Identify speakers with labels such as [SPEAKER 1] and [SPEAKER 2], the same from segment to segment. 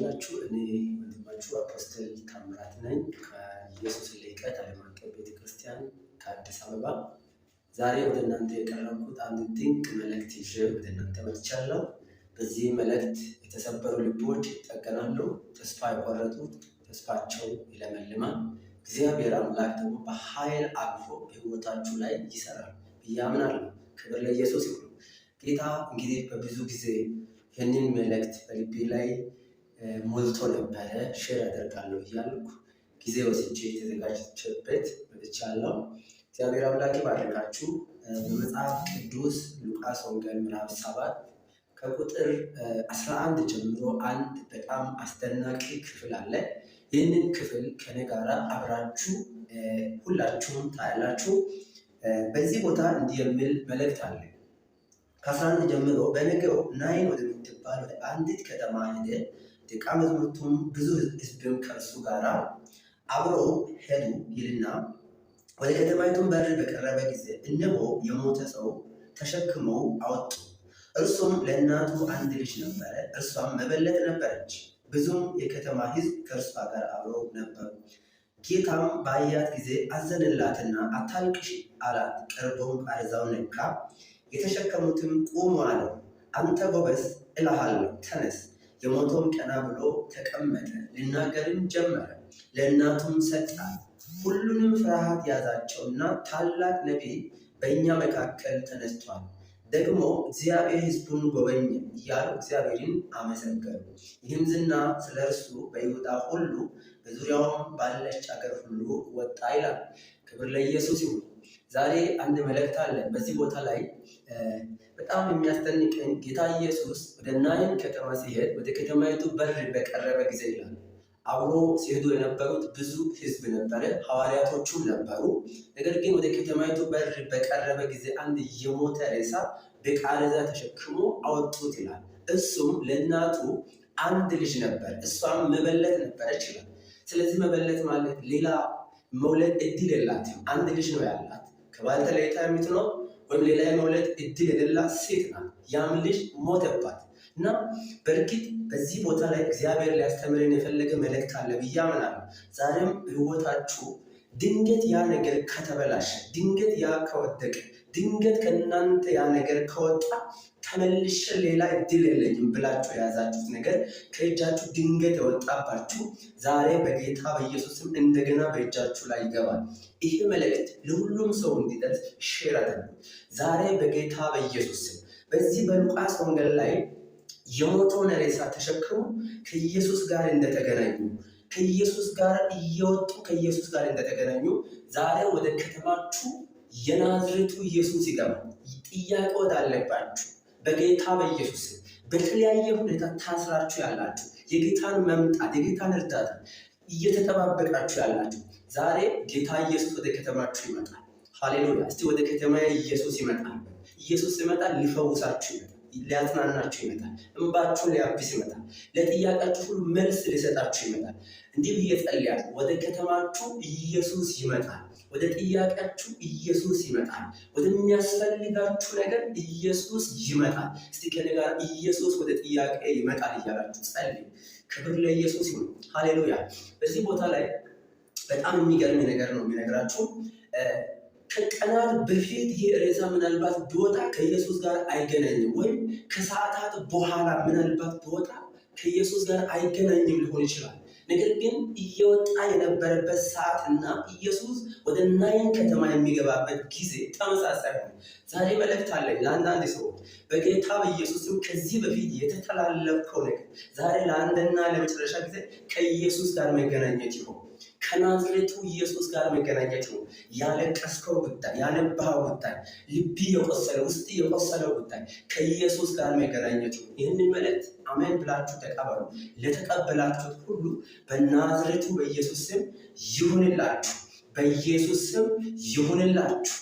[SPEAKER 1] እንደምናላችሁ እኔ ወንድማችሁ አፖስተል ታምራት ነኝ ከኢየሱስ ልቀት ዓለም አቀፍ ቤተክርስቲያን ከአዲስ አበባ። ዛሬ ወደ እናንተ የቀረብኩት አንድ ድንቅ መልእክት ይዤ ወደ እናንተ መጥቻለሁ። በዚህ መልእክት የተሰበሩ ልቦች ይጠገናሉ፣ ተስፋ የቆረጡ ተስፋቸው ይለመልማል። እግዚአብሔር አምላክ ደግሞ በኃይል አቅፎ በህይወታችሁ ላይ ይሰራል ብዬ አምናለሁ። ክብር ለኢየሱስ ይሁን። ጌታ እንግዲህ በብዙ ጊዜ ይህንን መልእክት በልቤ ላይ ሞልቶ ነበረ። ሼር ያደርጋለሁ እያልኩ ጊዜ ወስጄ የተዘጋጀችበት መጥቻለሁ። እግዚአብሔር አምላኬ ባረካችሁ። በመጽሐፍ ቅዱስ ሉቃስ ወንጌል ምዕራፍ ሰባት ከቁጥር አስራ አንድ ጀምሮ አንድ በጣም አስደናቂ ክፍል አለ። ይህንን ክፍል ከኔ ጋር አብራችሁ ሁላችሁም ታያላችሁ። በዚህ ቦታ እንዲህ የሚል መልእክት አለ። ከአስራ አንድ ጀምሮ በነገው ናይን ወደምትባል ወደ አንዲት ከተማ ሄደ ደቀ መዛሙርቱም ብዙ ሕዝብም ከእርሱ ጋር አብሮ ሄዱ ይልና ወደ ከተማይቱን በር በቀረበ ጊዜ እነሆ የሞተ ሰው ተሸክመው አወጡ። እርሱም ለእናቱ አንድ ልጅ ነበረ፣ እርሷም መበለት ነበረች። ብዙም የከተማ ሕዝብ ከእርሷ ጋር አብሮ ነበሩ። ጌታም ባያት ጊዜ አዘንላትና አታልቅሽ አላት። ቀርቦም አርዛውን ነካ፣ የተሸከሙትም ቁሙ አለው። አንተ ጎበዝ እልሃለሁ፣ ተነስ የሞቶም ቀና ብሎ ተቀመጠ፣ ሊናገርም ጀመረ። ለእናቱም ሰጣት። ሁሉንም ፍርሃት ያዛቸውና ታላቅ ነቢይ በእኛ መካከል ተነስቷል፣ ደግሞ እግዚአብሔር ሕዝቡን ጎበኘ እያሉ እግዚአብሔርን አመሰገኑ። ይህም ዝና ስለ እርሱ በይሁዳ ሁሉ በዙሪያውም ባለች አገር ሁሉ ወጣ ይላል። ክብር ለኢየሱስ ይሁን። ዛሬ አንድ መልእክት አለ። በዚህ ቦታ ላይ በጣም የሚያስደንቀኝ ጌታ ኢየሱስ ወደ ናይን ከተማ ሲሄድ ወደ ከተማይቱ በር በቀረበ ጊዜ ይላል። አብሮ ሲሄዱ የነበሩት ብዙ ሕዝብ ነበረ፣ ሐዋርያቶቹ ነበሩ። ነገር ግን ወደ ከተማይቱ በር በቀረበ ጊዜ አንድ የሞተ ሬሳ በቃሬዛ ተሸክሞ አወጡት ይላል። እሱም ለእናቱ አንድ ልጅ ነበር፣ እሷም መበለት ነበረች ይላል። ስለዚህ መበለት ማለት ሌላ መውለድ እድል የላትም፣ አንድ ልጅ ነው ያላት። ከባንተ ለይታ የምትኖር ወይም ሌላ የመውለድ እድል የሌላት ሴት ናት። ያም ልጅ ሞተባት እና በእርግጥ በዚህ ቦታ ላይ እግዚአብሔር ሊያስተምረን የፈለገ መልእክት አለ ብዬ አምናለሁ። ዛሬም ህይወታችሁ ድንገት ያ ነገር ከተበላሸ፣ ድንገት ያ ከወደቀ፣ ድንገት ከእናንተ ያ ነገር ከወጣ ተመልሸ ሌላ እድል የለኝም ብላችሁ የያዛችሁት ነገር ከእጃችሁ ድንገት የወጣባችሁ ዛሬ በጌታ በኢየሱስም እንደገና በእጃችሁ ላይ ይገባል። ይሄ መልእክት ለሁሉም ሰው እንዲደርስ ሼር አድርጉ። ዛሬ በጌታ በኢየሱስም በዚህ በሉቃስ ወንጌል ላይ የሞተውን ሬሳ ተሸክሙ ከኢየሱስ ጋር እንደተገናኙ ከኢየሱስ ጋር እየወጡ ከኢየሱስ ጋር እንደተገናኙ ዛሬ ወደ ከተማችሁ የናዝሬቱ ኢየሱስ ይገባ። ጥያቄ ወዳለባችሁ በጌታ በኢየሱስ በተለያየ ሁኔታ ታስራችሁ ያላችሁ የጌታን መምጣት የጌታን እርዳታ እየተጠባበቃችሁ ያላችሁ ዛሬ ጌታ ኢየሱስ ወደ ከተማችሁ ይመጣል። ሃሌሉያ! እስቲ ወደ ከተማ ኢየሱስ ይመጣል። ኢየሱስ ይመጣል፣ ሊፈውሳችሁ ይመጣል። ሊያጽናናችሁ ይመጣል። እንባችሁን ሊያብስ ይመጣል። ለጥያቄያችሁ ሁሉ መልስ ሊሰጣችሁ ይመጣል። እንዲህ ብዬ ጸልያለሁ። ወደ ከተማችሁ ኢየሱስ ይመጣል። ወደ ጥያቄያችሁ ኢየሱስ ይመጣል። ወደሚያስፈልጋችሁ ነገር ኢየሱስ ይመጣል። እስቲ ከኔ ጋር ኢየሱስ ወደ ጥያቄ ይመጣል እያላችሁ ጸልዩ። ክብር ለኢየሱስ ይሁን። ሃሌሉያ። በዚህ ቦታ ላይ በጣም የሚገርም ነገር ነው የሚነግራችሁ ከቀናት በፊት ይህ ሬሳ ምናልባት ቢወጣ ከኢየሱስ ጋር አይገናኝም፣ ወይም ከሰዓታት በኋላ ምናልባት ቢወጣ ከኢየሱስ ጋር አይገናኝም ሊሆን ይችላል። ነገር ግን እየወጣ የነበረበት ሰዓት እና ኢየሱስ ወደ ናይን ከተማ የሚገባበት ጊዜ ተመሳሳይ ነው። ዛሬ መልእክት አለኝ ለአንዳንድ ሰዎች በጌታ በኢየሱስም ከዚህ በፊት የተተላለፍከው ነገር ዛሬ ለአንድና ለመጨረሻ ጊዜ ከኢየሱስ ጋር መገናኘት ይሆን ከናዝሬቱ ኢየሱስ ጋር መገናኘት ነው። ያለቀስከው ጉዳይ፣ ያለባሃው ጉዳይ፣ ልቢ የቆሰለ ውስጥ የቆሰለው ጉዳይ ከኢየሱስ ጋር መገናኘት ነው። ይህን መልእክት አሜን ብላችሁ ተቀበሉ። ለተቀበላችሁት ሁሉ በናዝሬቱ በኢየሱስ ስም ይሁንላችሁ፣ በኢየሱስ ስም ይሁንላችሁ።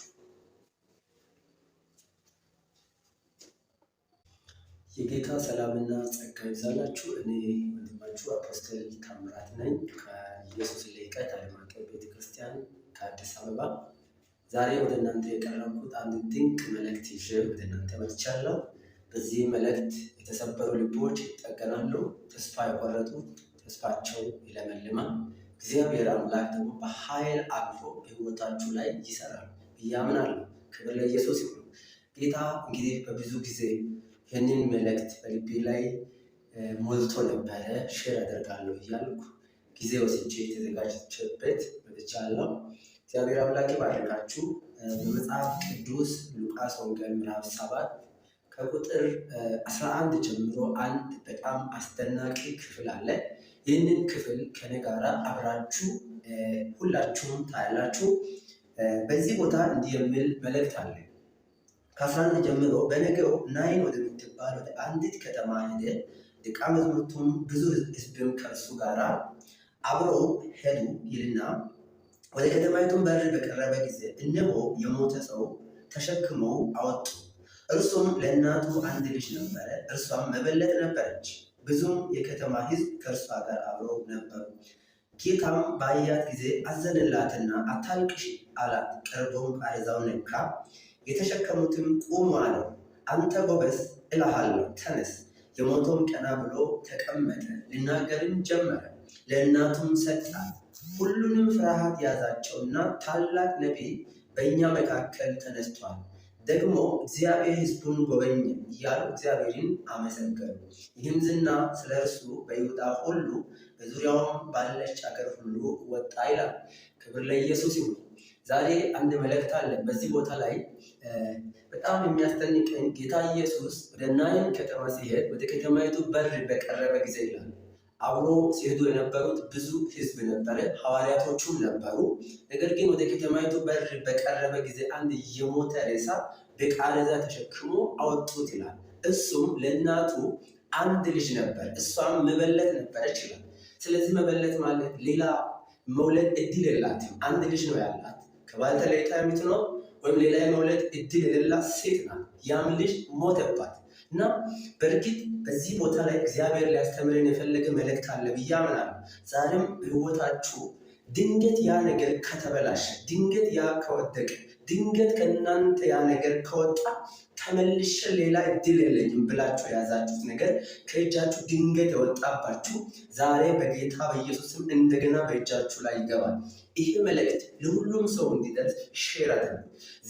[SPEAKER 1] የጌታ ሰላምና ጸጋ ይብዛላችሁ። እኔ ወንድማችሁ አፖስትል ታምራት ነኝ ከኢየሱስ ልዕቀት ዓለም አቀፍ ቤተክርስቲያን ከአዲስ አበባ። ዛሬ ወደ እናንተ የቀረብኩት አንድ ድንቅ መልእክት ይዤ ወደ እናንተ መጥቻለሁ። በዚህ መልእክት የተሰበሩ ልቦች ይጠገናሉ፣ ተስፋ የቆረጡ ተስፋቸው ይለመልማል። እግዚአብሔር አምላክ ደግሞ በኃይል አቅፎ በሕይወታችሁ ላይ ይሰራል ብዬ አምናለሁ። ክብር ለኢየሱስ ይሁን። ጌታ እንግዲህ በብዙ ጊዜ ይህንን መልእክት በልቤ ላይ ሞልቶ ነበረ። ሼር አደርጋለሁ እያልኩ ጊዜ ወስጄ የተዘጋጀችበት መጥቻለሁ። እግዚአብሔር አምላክ ባረካችሁ። በመጽሐፍ ቅዱስ ሉቃስ ወንጌል ምዕራፍ ሰባት ከቁጥር 11 ጀምሮ አንድ በጣም አስደናቂ ክፍል አለ። ይህንን ክፍል ከኔ ጋራ አብራችሁ ሁላችሁም ታያላችሁ። በዚህ ቦታ እንዲህ የሚል መልእክት አለ። ከአስራ አንድ ጀምሮ በነገው ናይን ወደምትባል ወደ አንዲት ከተማ ሄደ ደቀ መዛሙርቱም ብዙ ሕዝብም ከእርሱ ጋር አብሮ ሄዱ ይልና ወደ ከተማይቱም በር በቀረበ ጊዜ እነሆ የሞተ ሰው ተሸክመው አወጡ። እርሱም ለእናቱ አንድ ልጅ ነበረ፣ እርሷም መበለት ነበረች። ብዙም የከተማ ሕዝብ ከእርሷ ጋር አብሮ ነበሩ። ጌታም ባያት ጊዜ አዘንላትና አታልቅሽ አላት። ቀርቦም ቃሬዛውን ነካ፣ የተሸከሙትም ቁሙ አለው። አንተ ጎበዝ እልሃለሁ፣ ተነስ የሞቶም ቀና ብሎ ተቀመጠ፣ ሊናገርም ጀመረ። ለእናቱም ሰጣት። ሁሉንም ፍርሃት ያዛቸውና ታላቅ ነቢይ በእኛ መካከል ተነስቷል፣ ደግሞ እግዚአብሔር ሕዝቡን ጎበኘ እያሉ እግዚአብሔርን አመሰገኑ። ይህም ዝና ስለ እርሱ በይሁዳ ሁሉ በዙሪያውም ባለች አገር ሁሉ ወጣ ይላል። ክብር ለኢየሱስ ይሁን። ዛሬ አንድ መልእክት አለን። በዚህ ቦታ ላይ በጣም የሚያስጠንቀን ጌታ ኢየሱስ ወደ ናይን ከተማ ሲሄድ ወደ ከተማይቱ በር በቀረበ ጊዜ ይላል። አብሮ ሲሄዱ የነበሩት ብዙ ሕዝብ ነበረ፣ ሐዋርያቶቹም ነበሩ። ነገር ግን ወደ ከተማይቱ በር በቀረበ ጊዜ አንድ የሞተ ሬሳ በቃሬዛ ተሸክሞ አወጡት ይላል። እሱም ለእናቱ አንድ ልጅ ነበር፣ እሷም መበለት ነበረች ይላል። ስለዚህ መበለት ማለት ሌላ መውለድ እድል የላትም፣ አንድ ልጅ ነው ያላት። ከባልተ ለይታ የምትኖር ወይም ሌላ የመውለድ እድል የሌላ ሴት ናት። ያም ልጅ ሞተባት እና በእርግጥ በዚህ ቦታ ላይ እግዚአብሔር ሊያስተምረን የፈለገ መልእክት አለ ብዬ አምናለሁ። ዛሬም ህይወታችሁ ድንገት ያ ነገር ከተበላሸ፣ ድንገት ያ ከወደቀ ድንገት ከእናንተ ያ ነገር ከወጣ ተመልሼ ሌላ እድል የለኝም ብላችሁ የያዛችሁት ነገር ከእጃችሁ ድንገት የወጣባችሁ ዛሬ በጌታ በኢየሱስም እንደገና በእጃችሁ ላይ ይገባል። ይሄ መልእክት ለሁሉም ሰው እንዲደርስ ሼር አድርጉ።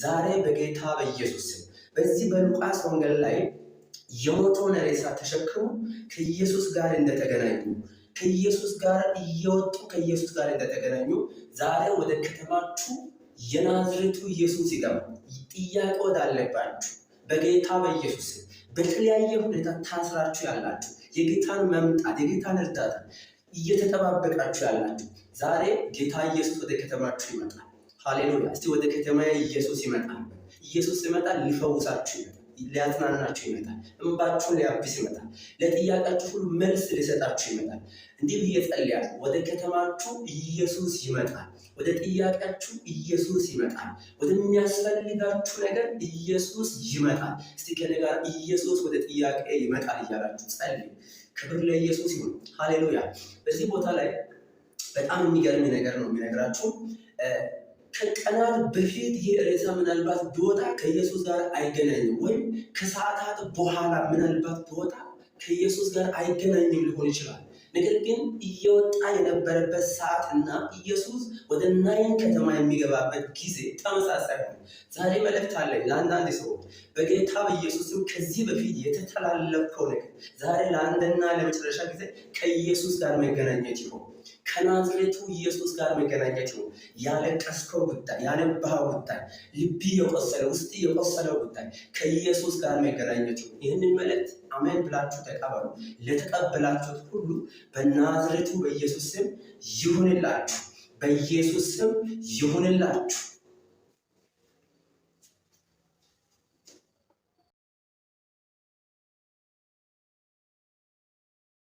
[SPEAKER 1] ዛሬ በጌታ በኢየሱስም በዚህ በሉቃስ ወንጌል ላይ የሞተውን ሬሳ ተሸክሙ ከኢየሱስ ጋር እንደተገናኙ ከኢየሱስ ጋር እየወጡ ከኢየሱስ ጋር እንደተገናኙ ዛሬ ወደ ከተማችሁ የናዝሬቱ ኢየሱስ ይገባል። ጥያቄ ወዳለባችሁ በጌታ በኢየሱስ በተለያየ ሁኔታ ታስራችሁ ያላችሁ የጌታን መምጣት የጌታን እርዳታ እየተጠባበቃችሁ ያላችሁ ዛሬ ጌታ ኢየሱስ ወደ ከተማችሁ ይመጣል። ሃሌሉያ! እስቲ ወደ ከተማ ኢየሱስ ይመጣል። ኢየሱስ ይመጣል፣ ሊፈውሳችሁ ይመጣል። ሊያጽናናችሁ ይመጣል። እንባችሁን ሊያብስ ይመጣል። ለጥያቄያችሁ ሁሉ መልስ ሊሰጣችሁ ይመጣል። እንዲህ ብዬ ጸልያለሁ። ወደ ከተማችሁ ኢየሱስ ይመጣል። ወደ ጥያቄያችሁ ኢየሱስ ይመጣል። ወደሚያስፈልጋችሁ ነገር ኢየሱስ ይመጣል። እስቲ ከኔ ጋር ኢየሱስ ወደ ጥያቄ ይመጣል እያላችሁ ጸልዩ። ክብር ለኢየሱስ ይሁን። ሃሌሉያ። በዚህ ቦታ ላይ በጣም የሚገርም ነገር ነው የሚነግራችሁ ከቀናት በፊት ይህ ሬሳ ምናልባት ቢወጣ ከኢየሱስ ጋር አይገናኝም፣ ወይም ከሰዓታት በኋላ ምናልባት ቢወጣ ከኢየሱስ ጋር አይገናኝም ሊሆን ይችላል። ነገር ግን እየወጣ የነበረበት ሰዓት እና ኢየሱስ ወደ ናይን ከተማ የሚገባበት ጊዜ ተመሳሳይ ነው። ዛሬ መልእክት አለኝ ለአንዳንድ ሰዎች በጌታ በኢየሱስም ከዚህ በፊት የተተላለፍከው ነገር ዛሬ ለአንድና ለመጨረሻ ጊዜ ከኢየሱስ ጋር መገናኘት ይሆን ከናዝሬቱ ኢየሱስ ጋር መገናኘት ነው። ያለቀስከው ጉዳይ፣ ያነባኸው ጉዳይ፣ ልብ የቆሰለ ውስጥ የቆሰለው ጉዳይ ከኢየሱስ ጋር መገናኘት ነው። ይህንን መልእክት አሜን ብላችሁ ተቀበሉ። ለተቀበላችሁት ሁሉ በናዝሬቱ በኢየሱስ ስም ይሁንላችሁ፣ በኢየሱስ ስም ይሁንላችሁ።